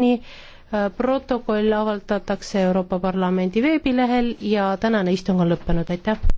nii äh, protokoll avaldatakse Euroopa Parlamendi veebilehel ja tänane istung on lõppenud, aitäh!